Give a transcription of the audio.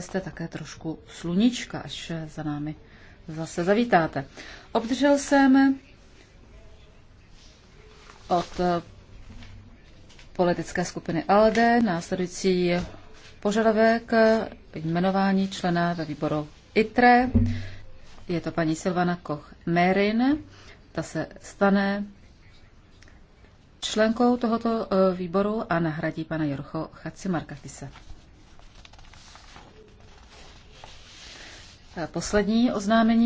jste také trošku sluníčka, až za námi zase zavítáte. Obdržel jsem od politické skupiny ALDE následující požadavek jmenování člena ve výboru ITRE. Je to paní Silvana koch merin Ta se stane členkou tohoto eh, výboru a nahradí pana Jorcho Chacimarkakise. poslední oznámení.